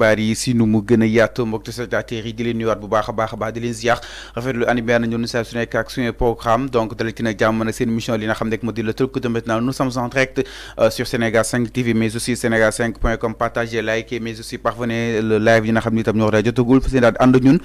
bari si nu mu gën a yaatu mbokk téléspectateurs yi di leen nuyuwaat bu baax a baax di leen ziar rafet lu animé nañu ñun sa nekk kak suñu programme donc dalal ci na jàmm nag seen émission li nga xam ne moo di le truc de maintenant nous sommes en direct euh, sur Sénégal 5 TV mais aussi Sénégal 5com partager com mais aussi parvenir le live yi nga xam ne itam ñoo war a jotagul fa seen daal ànd ñun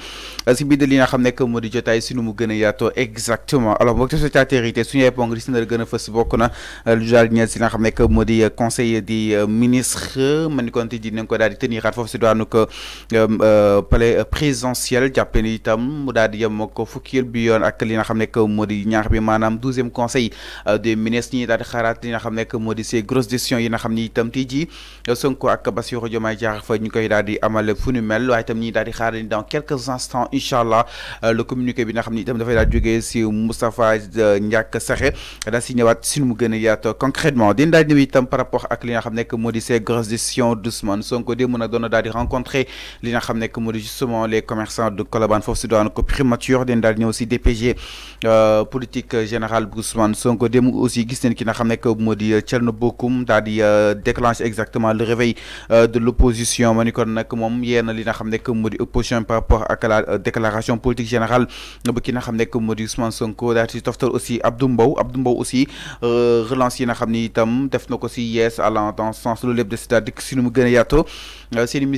euh, si biir li nga xam nekk moo di jotaay si nu mu gën a exactement alors mbokk sa yi te suñu éponge si na gën a fës bokk na lu daal ñeel si li nga xam nekk moo di euh, conseil di ministre man ni di nañ ko daal di tenir foofu daanaka eh, palais eh, présidentiel jàppe ni itam mu daal di ko fukkeel bi yon ak li nga xamné ne que moo ñaar bi manam 12e conseil eh, des ministres ni daal di xaaraat li nga xamné ne que moo di ces grosses décisions yi nga xamni tam itam ji Sonko ak Bassirou Diomaye Diakhar Faye ñu koy dadi amal fu nu mel way tam ni dadi di xaar ni dans quelques instants inshallah le communiqué bi nga xamni tam da fay dadi jógee ci Moustapha Ndiak Saxe da si ñëwaat si nu mu gën concrètement dina dadi ni tam par rapport ak li nga xamné ne que moo di ces grosses décisions d'Ousmane Sonko dem na dona dadi rencontré les nga xam justement les commerçants de Colobane foofu dans doon ko primature den daal aussi si DPG euh, politique générale bu Ousmane Sonko dem aussi gis neen ki nga xam Modi moo di déclenche di euh, exactement le réveil euh, de l'opposition opposition ma ni kon nag moom opposition par rapport à la déclaration politique générale bu ki n'a xam Modi Ousmane Sonko daal di toftal aussi Abdou Mbow Abdou aussi relance yi nga Tam ni def na ko allant dans sens le lépp de c'est-à-dire Yato nu mu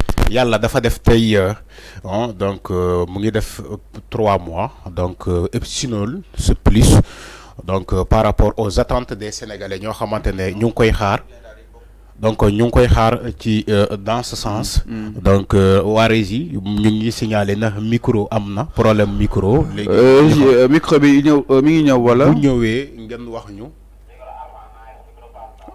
yalla dafa def tey euh, donc euh, mu ngi def trois mois donc euh, epsilon ce plus donc par rapport aux attentes des sénégalais ñoo xamantene ñu koy xaar donc ñu koy xaar ci dans ce sens. Mm. Mm. donc waa Régie ñu ngi signalé na micro amna, problème micro. micro bi ñëw mi ngi wala. bu ñëwee ngeen wax ñu.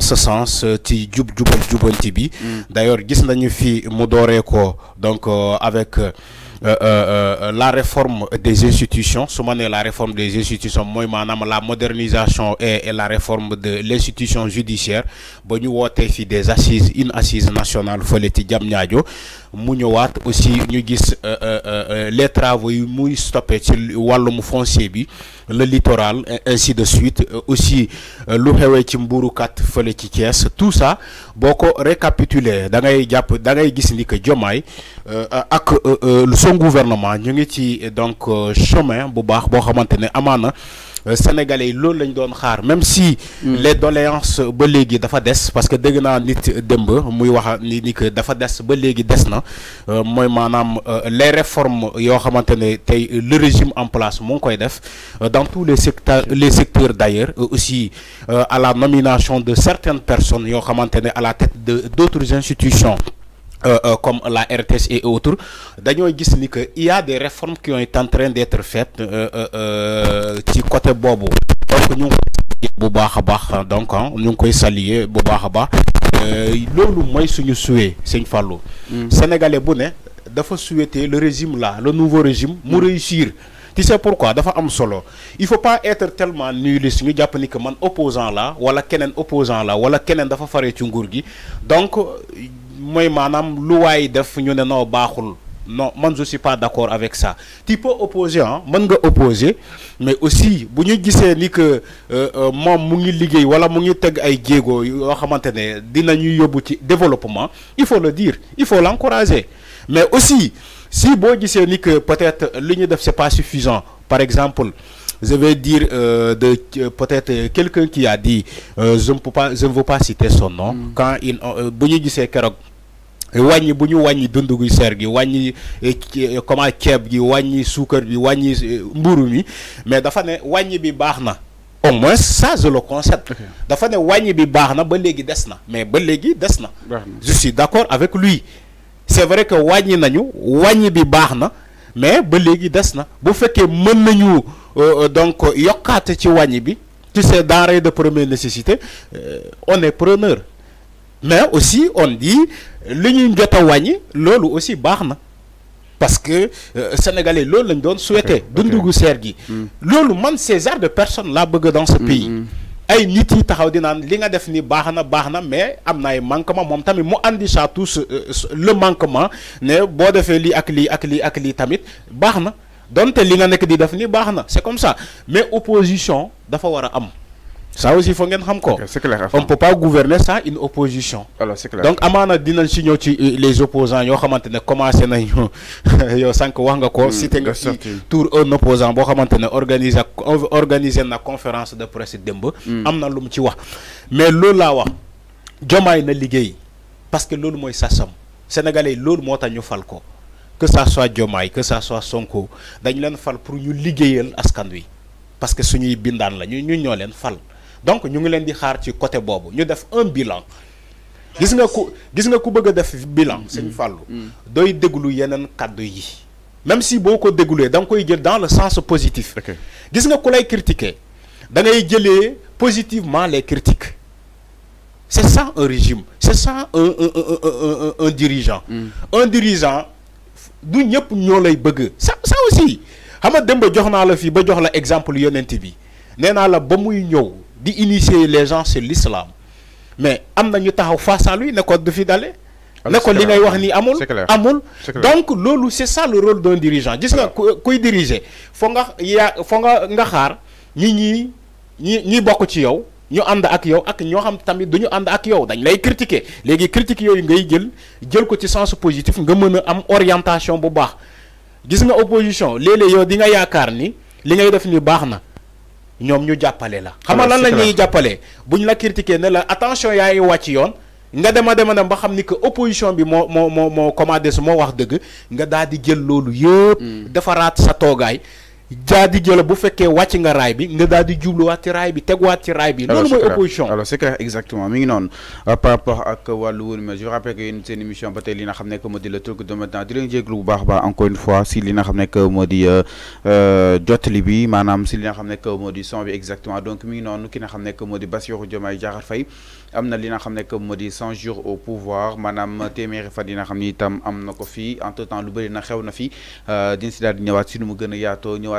ce sens euh, ci jub jubal jubanti bi mm. d'ailleurs gis nañu fi mu dooree ko donc euh, avec euh, euh, euh, euh, la réforme des institutions ce ma la réforme des institutions mooy maanaam la modernisation et, la réforme de l'institution judiciaire ba ñu des assises une assise nationale fële Diamniadio mu aussi ñu gis euh, euh, euh, les travaux yi muy stoppé ci wàllum foncier bi le littoral ainsi de suite aussi lu xewee ci kat feulé ci Thiès tout ça boko récapituler da ngay japp da ngay gis ni que euh, ak son gouvernement ñu ngi ci donc chemin bu baax bo xamante amana euh, sénégalais lool lañ doon xaar même si hmm. les doléances ba légui dafa dess parce que dégg naa nit démb muy wax ni ni que dafa dess ba légui dess na euh, mooy maanaam euh, les réformes yoo xamante ne le régime en place mu ngi koy def dans tous les secteurs les secteurs d'ailleurs aussi à la nomination de certaines personnes yoo xamante à la tête de d'autres institutions euh, euh, comme la RTS et autres, d'ailleurs, ni que il y a des réformes qui ont été en train d'être faites euh, ci côté boobu donc ñu avons nous bu baax baax donc ñu ngi koy saluer bu baax a baax ah, loolu suñu souhait mm. Sénégalais bu ne dafa souhaiter le régime là le nouveau régime pour réussir tu sais pourquoi dafa am solo il faut pas être tellement nuliste ni que man opposant la wala keneen opposant la wala keneen dafa fare ci nguur gi donc moi manam, lu waay def ñu ne noo non man je suis pas d'accord avec ça tu peux opposer ah mën nga opposer mais aussi bu ñu gisee ni que euh, euh, moom mu ngi liggéey wala mu ngi teg ay jéego yoo xamante dinañu développement il faut le dire il faut l'encourager mais aussi si boo gisee ni que peut-être li ñu def c'est pas suffisant par exemple je vais dire euh, de euh, peut-être quelqu'un qui a dit euh, je ne peux pas je ne veux pas citer son nom mm. quand il euh, bu ñu gisee keroog wàññi bu ñu wàññi dund gu gi euh, comment ceeb gi wàññi suukar bi wàññi mburu mi mais dafa ne wàññi bi baxna au moins ça je le concept dafa ne wàññi bi baxna ba légui dessna mais ba légui dessna je suis d'accord avec lui c'est vrai que nañu bi baxna mais ba mais des bu fekkee mën nañu euh, donc ci bi de première nécessité euh, on est preneur mais aussi on dit li ñuy jot a aussi baxna parce que euh, sénégalais lolu lañ doon souhaité hmm. man ces de personnes là bëgg dans ce hmm, pays hmm ay nit yi taxaw di naan li nga def ni baax na baax na mais am na ay manquement moom tamit mu andi tous euh, euh, le manquement ne boo defee lii ak lii ak lii ak lii tamit baax na donte li nga nekk di def ni c'est comme ça mais opposition dafa war a am ça aussi faut ngeen xam ko on peut pas gouverner sans une opposition Alors c'est clair. donc amana dinañ ci ñëw ci les opposants yo xamantene commencé nañu yo sank wax nga ko hmm, cité nga tour un opposant bo xamantene organiser organiser na conférence de presse démb hmm. am na lu mu ci wax mais loolu la wax jomaay na liggéey parce que loolu moy sasam sénégalais loolu mo tax ñu fal ko que ça soit jomaay que ça soit sonko dañ leen fal pour ñu liggéeyal askan wi parce que suñuy bindaan la ñu ñun ñoo leen fal donc ñu ngi leen di xaar ci côté boobu ñu def un bilan gis nga ku gis nga ku bëgg a def bilan sëñ mm. Fallou mm. doy déglu yeneen kàddu yi même si boo ko dégluwee da nga koy jël dans le sens positif gis nga ku lay critiquer da ngay jëlee positivement les critiques c'est ça un régime c'est ça un un un un un dirigeant mm. un dirigeant du ñëpp ñoo lay bëgg ça ça aussi xam nga dem ba la fii ba jox la exemple yonent bi nee naa la ba muy ñëw d'initier les gens sur l'islam mais amna ñu taxaw face à lui ne ko du fi dalé ah, ne ko li ngay wax ni amul amul donc lolu c'est ça le rôle d'un dirigeant gis nga kuy diriger fo nga fo nga nga xaar ñi ñi ñi bokku ci yow ñu and ak yow ak ño xam tamit duñu and ak yow dañ lay critiquer légui critique yooyu ngay jël jël ko ci sens positif nga mëna am orientation bu baax gis nga opposition lélé yow di nga yaakaar ni li ngay def ni baax na ñoom ñu jàppale la xam nga lan la ñuy bu ñu la critiqué ne la attention yaa ngi wàcc yoon nga dema dema dem ba xam ni que opposition bi moo moo moo moo commandé su moo wax dëgg nga daal di jël loolu yëpp mm. defaraat sa toogaay jaadi jëla bu fekkee wàcc nga raay bi nga daal di jubluwaat ci raay bi teguwaat ci raay bi. loolu mooy opposition alors c'est que exactement mi ngi noonu euh, par rapport ak wàllu wóor mais je rappelle que yéen seen émission ba tey li nga xam nekk moo di le truc de maintenant di leen jéglu bu baax baax encore une fois si li nga xam que moo di euh, euh, jottali bi maanaam si li nga xam que moo di son bi exactement donc mi ngi noonu ki nga xam que moo di Bassirou Diomaye Diakhar Faye am na li nga xam que moo di 100 jours au pouvoir maanaam téeméeri fan yi nga xam ni itam am na ko fii entre temps lu bëri na xew na fi dina si daal di ñëwaat si nu mu gën a yaatoo ñëwaat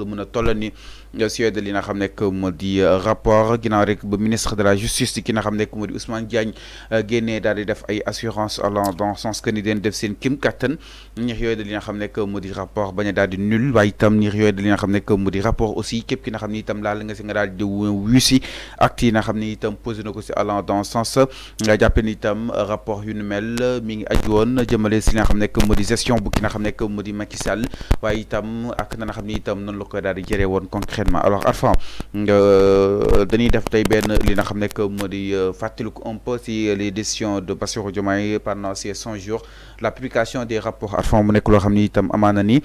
lu mën a toll ni suede li nga xam nekk moo rapport ginnaaw rek ba ministre de la justice ki nga xamné nekk modi Ousmane Diagne euh, génnee dal di def ay assurance allant dans sens que ni den def sen kim katan ñax yooyu da li nga xam nekk moo rapport baña dal di nul way itam ñax xoy da li nga xam nekk moo rapport aussi kep ki nga xam ni itam laal nga ci nga dal di wusi acte yi nga xam ni itam posé nako ci si allant dans sens nga jàppe ni itam rapport yu nu mel euh, mi ngi aji won jëmele ci li nga xam nekk moo gestion bu ki nga xamné nekk modi Macky Sall way itam ak na nga xam ni itam noonu la concrètement alors Arfan euh, dañuy def tey benn li nga xam que modi euh, un peu si les décisions de Bassirou Diomaye pendant ces 100 jours la publication des rapports Arfan mu nekk loo xam